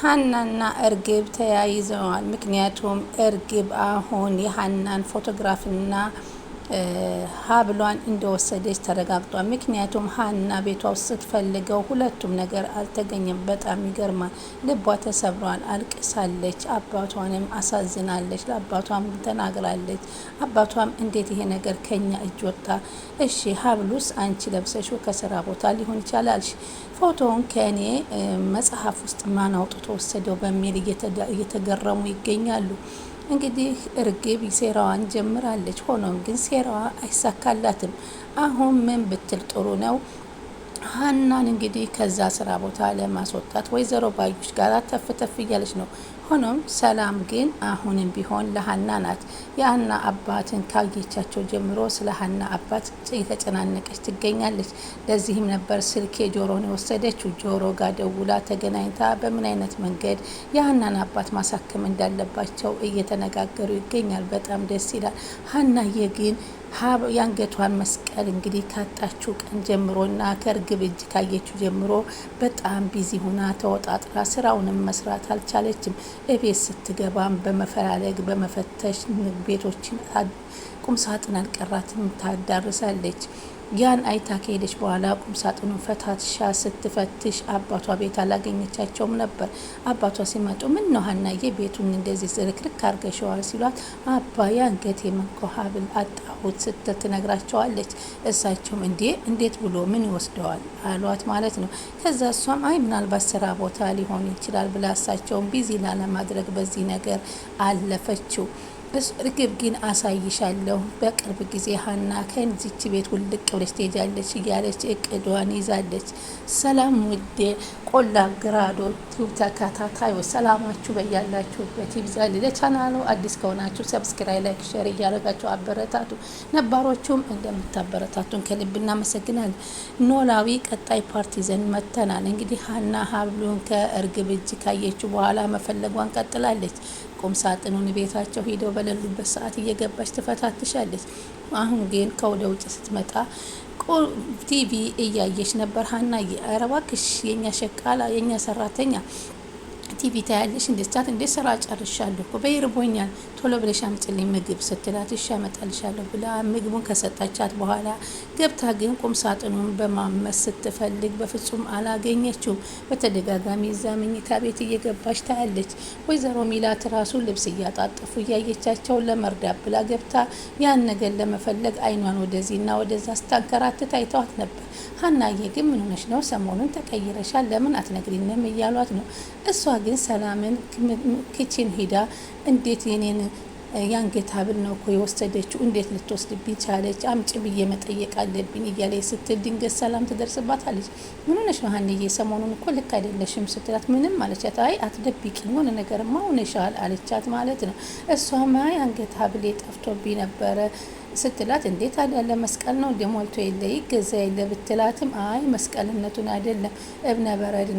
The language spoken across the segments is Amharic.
ሀናና እርግብ ተያይዘዋል። ምክንያቱም እርግብ አሁን የሀናን ፎቶግራፍና ሀብሏን እንደወሰደች ተረጋግጧል። ምክንያቱም ሀና ቤቷ ውስጥ ስትፈልገው ሁለቱም ነገር አልተገኘም። በጣም ይገርማል። ልቧ ተሰብሯል። አልቅሳለች። አባቷንም አሳዝናለች። ለአባቷም ተናግራለች። አባቷም እንዴት ይሄ ነገር ከኛ እጅ ወጣ? እሺ ሀብሉስ አንቺ ለብሰሽው ከስራ ቦታ ሊሆን ይቻላል። ፎቶውን ከእኔ መጽሐፍ ውስጥ ማን አውጥቶ ወሰደው በሚል እየተገረሙ ይገኛሉ። እንግዲህ እርግብ ሴራዋን ጀምራለች። ሆኖም ግን ሴራዋ አይሳካላትም። አሁን ምን ብትል ጥሩ ነው? ሀናን እንግዲህ ከዛ ስራ ቦታ ለማስወጣት ወይዘሮ ባዩሽ ጋር ተፍተፍ እያለች ነው። ሆኖም ሰላም ግን አሁንም ቢሆን ለሀና ናት። የሀና አባትን ካየቻቸው ጀምሮ ስለ ሀና አባት የተጨናነቀች ትገኛለች። ለዚህም ነበር ስልክ ጆሮን የወሰደችው። ጆሮ ጋር ደውላ ተገናኝታ በምን አይነት መንገድ የሀናን አባት ማሳከም እንዳለባቸው እየተነጋገሩ ይገኛል። በጣም ደስ ይላል። ሀናዬ ግን ሀብ የአንገቷን መስቀል እንግዲህ ካጣችው ቀን ጀምሮና ከእርግብ እጅ ካየችው ጀምሮ በጣም ቢዚ ሁና ተወጣጥራ ስራውንም መስራት አልቻለችም። እቤት ስትገባም በመፈላለግ በመፈተሽ ቤቶችን ቁምሳጥን አልቀራትም ታዳርሳለች። ያን አይታ ከሄደች በኋላ ቁም ሳጥኑን ፈታትሻ ስትፈትሽ አባቷ ቤት አላገኘቻቸውም ነበር። አባቷ ሲመጡ ምን ነው ሀናዬ ቤቱን እንደዚህ ዝርክርክ አርገሸዋል ሲሏት አባ የአንገቴ የመንኮ ሀብል አጣሁት ስትል ትነግራቸዋለች። እሳቸውም እንዴ እንዴት ብሎ ምን ይወስደዋል አሏት ማለት ነው። ከዛ እሷም አይ ምናልባት ስራ ቦታ ሊሆን ይችላል ብላ እሳቸውን ቢዚ ላለማድረግ በዚህ ነገር አለፈችው። ግን አሳይሻለሁ በቅርብ ጊዜ ሀና ከዚች ቤት ውልቅ ብለሽ ትሄጃለች እያለች እቅዷን ይዛለች። ሰላም ውዴ ቆላ ግራዶቹ ተከታታዩ ሰላማችሁ በያላችሁበት ይብዛል። ለቻናሉ አዲስ ከሆናችሁ ሰብስክራይ፣ ላይክ፣ ሸር እያደረጋችሁ አበረታቱ። ነባሮቹም እንደምታበረታቱን ከልብ እናመሰግናለን። ኖላዊ ቀጣይ ፓርቲ ይዘን መተናል። እንግዲህ ሀና ሀብሉን ከእርግብ እጅ ካየችው በኋላ መፈለጓን ቀጥላለች። ቁም ሳጥኑን ቤታቸው ሂደው በሌሉበት ሰዓት እየገባች ትፈታትሻለች። አሁን ግን ከወደ ውጭ ስትመጣ ቲቪ እያየች ነበር ሀና ኧረ የኛ ሸቃላ የኛ ሰራተኛ ቲቪ ታያለሽ እንዴ? ስታት እንዴ ስራ ጨርሻለሁ እኮ በይርቦኛል፣ ቶሎ ብለሽ አምጪልኝ ምግብ ስትላት እሺ አመጣልሻለሁ ብላ ምግቡን ከሰጠቻት በኋላ ገብታ ግን ቁም ሳጥኑን በማመስ ስትፈልግ በፍጹም አላገኘችውም። በተደጋጋሚ እዛ መኝታ ቤት እየገባች ታያለች። ወይዘሮ ሚላት ራሱ ልብስ እያጣጠፉ እያየቻቸው ለመርዳት ብላ ገብታ ያን ነገር ለመፈለግ አይኗን ወደዚህና ወደዛ ስታንከራትት አይተዋት ነበር። ሀናዬ ግን ምን ሆነሽ ነው? ሰሞኑን ተቀይረሻል፣ ለምን አትነግሪንም? እያሏት ነው እሷ ግን ሰላምን ክችን ሂዳ እንዴት የኔን የአንገት ሀብል ነው እኮ የወሰደችው እንዴት ልትወስድብኝ ቻለች? አምጪ ብዬ መጠየቅ አለብኝ እያለ ስትል ድንገት ሰላም ትደርስባታለች። ምን ሆነሽ ነው ሀንዬ? ሰሞኑን እኮ ልክ አይደለሽም ስትላት ምንም አለቻት። አይ አትደብቂኝ፣ የሆነ ነገርማ ሆነሻል አለቻት ማለት ነው። እሷም አይ አንገት ሀብሌ ጠፍቶብኝ ነበረ ስትላት እንዴት አዳለ መስቀል ነው እንደ ሞልቶ የለ ይገዛ የለ ብትላትም አይ መስቀልነቱን አይደለም እብነ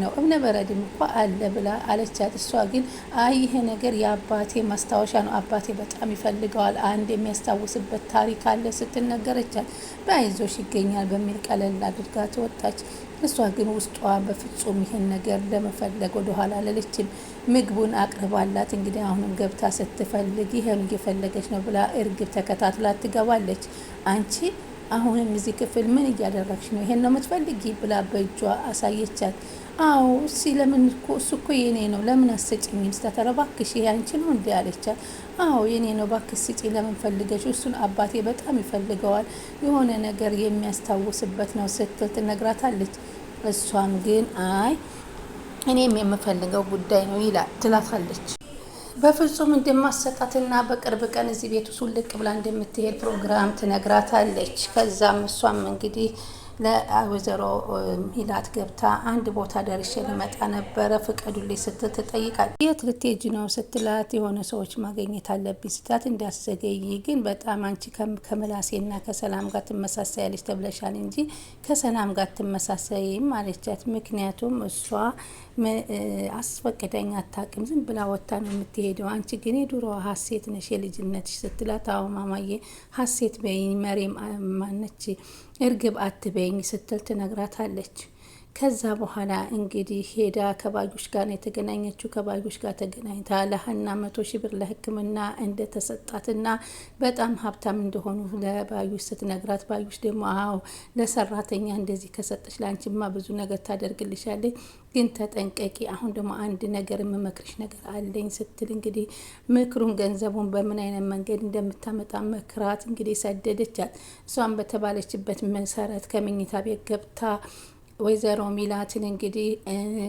ነው እብነ በረድም አለ ብላ አለቻት። እሷ ግን አይ ይሄ ነገር የአባቴ ማስታወሻ ነው፣ አባቴ በጣም ይፈልገዋል፣ አንድ የሚያስታውስበት ታሪክ አለ ስትል ነገረቻት። በአይዞሽ ይገኛል በሚል ቀለል አድርጋ ትወጣች። እሷ ግን ውስጧ በፍጹም ይህን ነገር ለመፈለግ ወደኋላ አላለችም። ምግቡን አቅርባላት እንግዲህ አሁንም ገብታ ስትፈልግ ይህም እየፈለገች ነው ብላ እርግብ ተከታትላት ትገባለች። አንቺ አሁንም እዚህ ክፍል ምን እያደረግሽ ነው? ይሄን ነው የምትፈልጊ ብላ በእጇ አሳየቻት። አዎ እሺ፣ ለምን እኮ እሱ እኮ የኔ ነው ለምን አሰጭኝም? ስተተረ ባክሽ ይሄ አንቺ ነው እንዲ አለቻት። አዎ የኔ ነው ባክሽ ስጪ፣ ለምን ፈልገሽ? እሱን አባቴ በጣም ይፈልገዋል የሆነ ነገር የሚያስታውስበት ነው ስትል ትነግራታለች። እሷም ግን አይ እኔም የምፈልገው ጉዳይ ነው ይላል ትላታለች። በፍጹም እንደማሰጣትና በቅርብ ቀን እዚህ ቤት ውስጥ ልቅ ብላ እንደምትሄድ ፕሮግራም ትነግራታለች። ከዛም እሷም እንግዲህ ለወይዘሮ ሚላት ገብታ አንድ ቦታ ደርሼ ልመጣ ነበረ ፍቀዱልኝ ስትል ትጠይቃል። የት ልትሄጂ ነው ስትላት የሆነ ሰዎች ማገኘት አለብኝ ስትላት እንዳስዘገይ ግን በጣም አንቺ ከምላሴና ከሰላም ጋር ትመሳሰያለች ተብለሻል እንጂ ከሰላም ጋር ትመሳሳይም አለቻት። ምክንያቱም እሷ አስፈቅደኝ አታውቅም ዝም ብላ ወታ ነው የምትሄደው። አንቺ ግን የድሮ ሀሴት ነሽ የልጅነትሽ ስትላት አዎ ማማዬ ሀሴት በይ መሬም ማነች እርግብ አትበይኝ ስትል ትነግራታለች። ከዛ በኋላ እንግዲህ ሄዳ ከባዮች ጋር ነው የተገናኘችው። ከባዮች ጋር ተገናኝታ ለሀና መቶ ሺ ብር ለሕክምና እንደተሰጣትና በጣም ሀብታም እንደሆኑ ለባዮች ስትነግራት፣ ባዮች ደግሞ አዎ ለሰራተኛ እንደዚህ ከሰጠች ለአንቺማ ብዙ ነገር ታደርግልሻለች፣ ግን ተጠንቀቂ። አሁን ደግሞ አንድ ነገር የምመክርሽ ነገር አለኝ ስትል እንግዲህ ምክሩን ገንዘቡን በምን አይነት መንገድ እንደምታመጣ መክራት እንግዲህ ሰደደቻት። እሷን በተባለችበት መሰረት ከመኝታ ቤት ገብታ ወይዘሮ ሚላትን እንግዲህ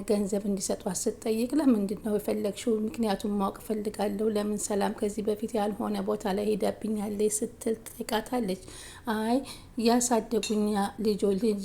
ገንዘብ እንዲሰጧት ስትጠይቅ ለምንድን ነው የፈለግሽው? ምክንያቱም ማወቅ ፈልጋለሁ ለምን ሰላም ከዚህ በፊት ያልሆነ ቦታ ላይ ሄዳብኛለች ስትል ትጠይቃታለች። አይ ያሳደጉኛ ልጆ ልጅ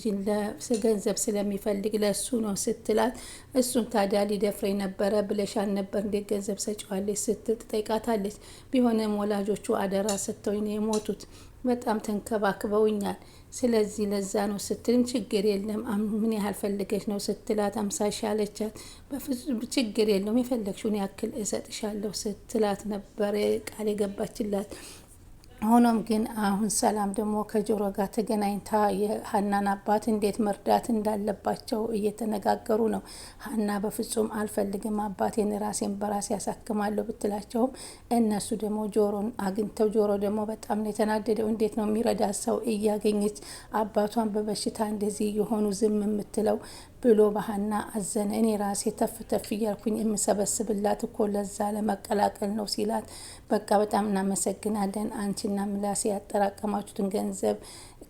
ገንዘብ ስለሚፈልግ ለእሱ ነው ስትላት፣ እሱን ታዲያ ሊደፍሬ ነበረ ብለሻል ነበር እንዴት ገንዘብ ሰጪዋለች ስትል ትጠይቃታለች። ቢሆንም ወላጆቹ አደራ ሰጥተውኝ የሞቱት በጣም ተንከባክበውኛል ስለዚህ ለዛ ነው ስትልም ችግር የለም ምን ያህል ፈልገች ነው ስትላት አምሳ ሺ አለቻት። በፍጹም ችግር የለውም የፈለግሽውን ያክል እሰጥሻለሁ ስትላት ነበር ቃል የገባችላት። ሆኖም ግን አሁን ሰላም ደግሞ ከጆሮ ጋር ተገናኝታ የሀናን አባት እንዴት መርዳት እንዳለባቸው እየተነጋገሩ ነው። ሀና በፍጹም አልፈልግም አባቴን ራሴን በራሴ ያሳክማለሁ ብትላቸውም እነሱ ደግሞ ጆሮን አግኝተው ጆሮ ደግሞ በጣም ነው የተናደደው። እንዴት ነው የሚረዳ ሰው እያገኘች አባቷን በበሽታ እንደዚህ የሆኑ ዝም የምትለው ብሎ ባህና አዘነ። እኔ ራሴ ተፍ ተፍ እያልኩኝ የምሰበስብላት እኮ ለዛ ለመቀላቀል ነው ሲላት፣ በቃ በጣም እናመሰግናለን አንቺና ምላሴ ያጠራቀማችሁትን ገንዘብ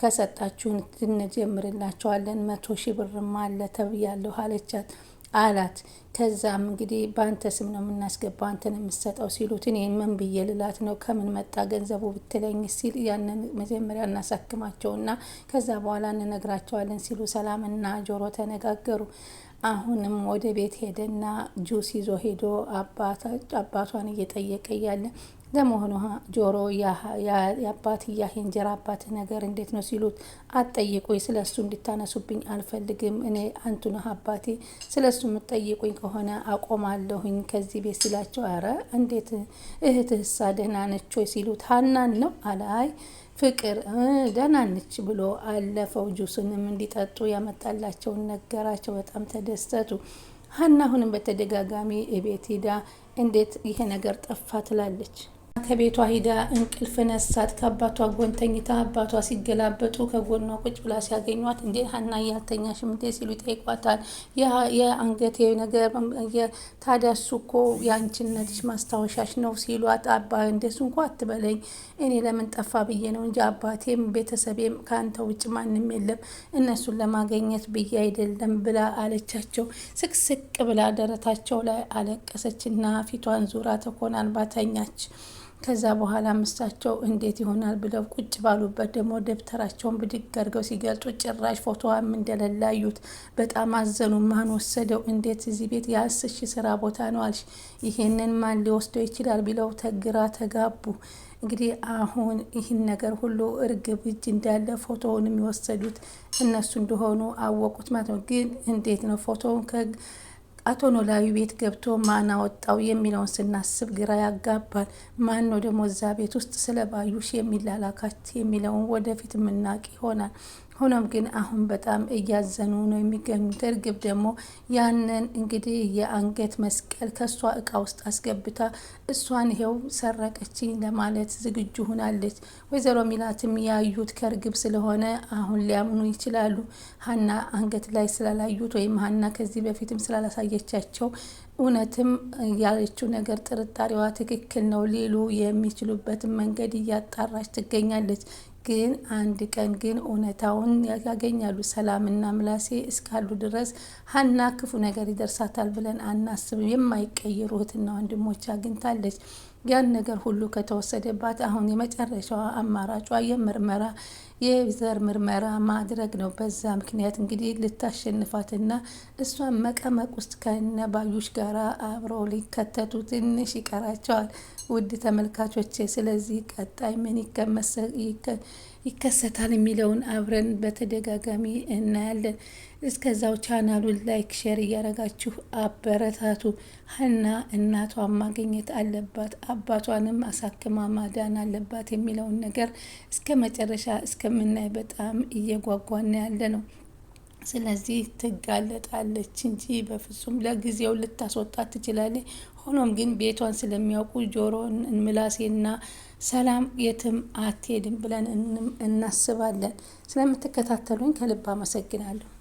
ከሰጣችሁን እንጀምርላቸዋለን መቶ ሺ ብርማ አለ ተብያለሁ አለቻት። አላት። ከዛም እንግዲህ በአንተ ስም ነው የምናስገባው አንተን የምሰጠው ሲሉት እኔ ምን ብዬ ልላት ነው ከምን መጣ ገንዘቡ ብትለኝ ሲል ያንን መጀመሪያ እናሳክማቸውና ከዛ በኋላ እንነግራቸዋለን ሲሉ ሰላምና ጆሮ ተነጋገሩ። አሁንም ወደ ቤት ሄደና ጁስ ይዞ ሄዶ አባቷን እየጠየቀ ያለ ለመሆኑ ጆሮ የአባት ያህ ጀራ አባት ነገር እንዴት ነው ሲሉት፣ አትጠይቁኝ፣ ስለ እሱ እንድታነሱብኝ አልፈልግም። እኔ አንቱነ አባቴ፣ ስለ እሱ የምትጠይቁኝ ከሆነ አቆማለሁኝ ከዚህ ቤት ሲላቸው፣ አረ እንዴት እህትህሳ ደህና ነች ወይ ሲሉት፣ ሀናን ነው አላይ ፍቅር ደህና ነች ብሎ አለፈው። ጁስንም እንዲጠጡ ያመጣላቸውን ነገራቸው። በጣም ተደሰቱ። ሀና አሁንም በተደጋጋሚ እቤት ሂዳ እንዴት ይሄ ነገር ጠፋ ትላለች። ከቤቷ ሂዳ እንቅልፍ ነሳት። ከአባቷ ጎን ተኝታ አባቷ ሲገላበጡ ከጎኗ ቁጭ ብላ ሲያገኟት እንዴ ሀና ያልተኛሽ ምንቴ ሲሉ ይጠይቋታል። የአንገቴ ነገር ታዲያ እሱ እኮ የአንቺነትሽ ማስታወሻሽ ነው ሲሏት፣ አባ እንደሱ እንኳ አትበለኝ እኔ ለምን ጠፋ ብዬ ነው እንጂ አባቴም ቤተሰቤም ከአንተ ውጭ ማንም የለም እነሱን ለማገኘት ብዬ አይደለም ብላ አለቻቸው። ስቅስቅ ብላ ደረታቸው ላይ አለቀሰችና ፊቷን ዙራ ተኮናንባ ተኛች። ከዛ በኋላ ምሳቸው እንዴት ይሆናል ብለው ቁጭ ባሉበት ደግሞ ደብተራቸውን ብድግ አድርገው ሲገልጡ ጭራሽ ፎቶዋም እንደለላዩት በጣም አዘኑ። ማን ወሰደው? እንዴት እዚህ ቤት የአስሺ ስራ ቦታ ነው አልሽ? ይሄንን ማን ሊወስደው ይችላል? ብለው ተግራ ተጋቡ። እንግዲህ አሁን ይህን ነገር ሁሉ እርግብ እጅ እንዳለ ፎቶውን የሚወሰዱት እነሱ እንደሆኑ አወቁት ማለት ነው። ግን እንዴት ነው ፎቶውን አቶ ኖላዊ ቤት ገብቶ ማን አወጣው የሚለውን ስናስብ ግራ ያጋባል። ማን ነው ደግሞ እዛ ቤት ውስጥ ስለ ባዩሽ የሚላላካት የሚለውን ወደፊት ምናቅ ይሆናል። ሆኖም ግን አሁን በጣም እያዘኑ ነው የሚገኙት። እርግብ ደግሞ ያንን እንግዲህ የአንገት መስቀል ከእሷ እቃ ውስጥ አስገብታ እሷን ይሄው ሰረቀች ለማለት ዝግጁ ሆናለች። ወይዘሮ ሚላትም ያዩት ከእርግብ ስለሆነ አሁን ሊያምኑ ይችላሉ። ሀና አንገት ላይ ስላላዩት ወይም ሀና ከዚህ በፊትም ስላላሳየቻቸው እውነትም ያለችው ነገር ጥርጣሬዋ ትክክል ነው ሊሉ የሚችሉበትን መንገድ እያጣራች ትገኛለች። ግን አንድ ቀን ግን እውነታውን ያገኛሉ ሰላምና ምላሴ እስካሉ ድረስ ሀና ክፉ ነገር ይደርሳታል ብለን አናስብም። የማይቀየሩ እህትና ወንድሞች አግኝታለች። ያን ነገር ሁሉ ከተወሰደባት አሁን የመጨረሻዋ አማራጯ የምርመራ የዘር ምርመራ ማድረግ ነው። በዛ ምክንያት እንግዲህ ልታሸንፋትና እሷን መቀመቅ ውስጥ ከነ ባዩሽ ጋር አብሮ ሊከተቱ ትንሽ ይቀራቸዋል። ውድ ተመልካቾቼ፣ ስለዚህ ቀጣይ ምን ይከሰታል የሚለውን አብረን በተደጋጋሚ እናያለን። እስከዛው ቻናሉን ላይክ፣ ሼር እያረጋችሁ አበረታቱ። ሀና እናቷን ማግኘት አለባት፣ አባቷንም አሳክማ ማዳን አለባት የሚለውን ነገር እስከ መጨረሻ እስከምናይ በጣም እየጓጓን ያለ ነው። ስለዚህ ትጋለጣለች እንጂ በፍጹም ለጊዜው ልታስወጣት ትችላለች። ሆኖም ግን ቤቷን ስለሚያውቁ ጆሮን ምላሴና ሰላም የትም አትሄድም ብለን እናስባለን። ስለምትከታተሉኝ ከልብ አመሰግናለሁ።